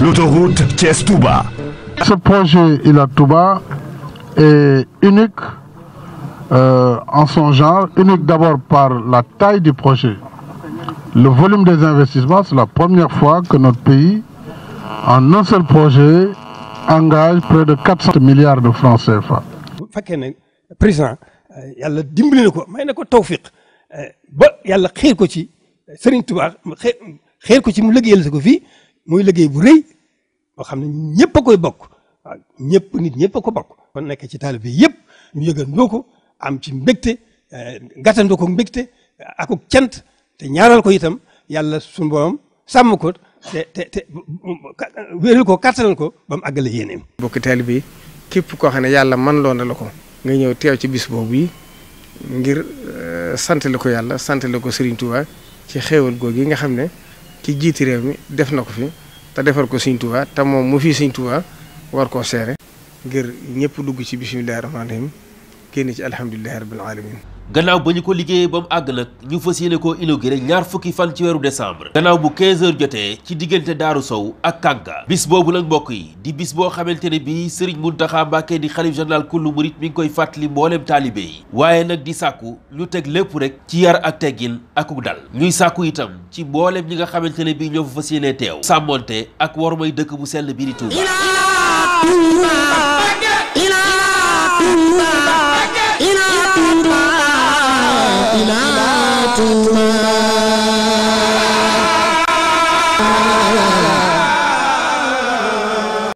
L'autoroute Thiès-Touba. Ce projet Ila-Touba est unique euh, en son genre, unique d'abord par la taille du projet. Le volume des investissements, c'est la première fois que notre pays, en un seul projet, engage près de 400 milliards de francs CFA. bu fekkee ne Eh, yàlla dimbali na ko may na ko tawfiq eh, ba yàlla xeer ko ci eh, Serigne Touba xeer ko ci mu liggéeyal sa ko fii muy liggéey bu rëy boo xam ne ñëpp a koy bokk waaw ah, ñëpp nit ñëpp ko bokk. kon nekk ci taalibe yëpp ñu yëgandoo ko am ci mbégte gàttandoo ko mbégte ak cant te ñaaral ko itam yàlla suñu borom sàmm ko te te te ko kàttanal ko ba mu àggale bokki bokk taalibe képp koo xam ne yàlla man loo na la ko. nga ñëw teew ci bis boobu yi ngir euh, santale ko yàlla santale ko Serigne Touba ci xéewal googu yi nga xam ne ci jiiti réew mi def na ko fi te defal ko Serigne Touba te moom mu fi Serigne Touba war koo seere ngir ñëpp dugg ci bisimilahi rahmaani rahim génn ci alhamdulilahi rabbil alamin gannaaw ba ñu ko liggéeyee ba mu àgg nag ñu fas yéene koo inauguré ñaar fukki fan ci weeru décembre gannaaw bu 15 heures jotee ci diggante daaru sow ak kànka bis boobu nag mbokk yi di bis boo xamante ne bii sëriñ Muntaxa Mbàkke di xalif général kullu murit mi ngi koy fàttali mbooleem taalibe yi waaye nag di sàkku ñu teg lépp rek ci yar ak teggin akuk dal ñuy sàkku itam ci mbooleem ñi nga xamante ne bii ñoo fa fas yéene teew sàmmonte ak war may dëkk bu sell bi di Tuuba Fatima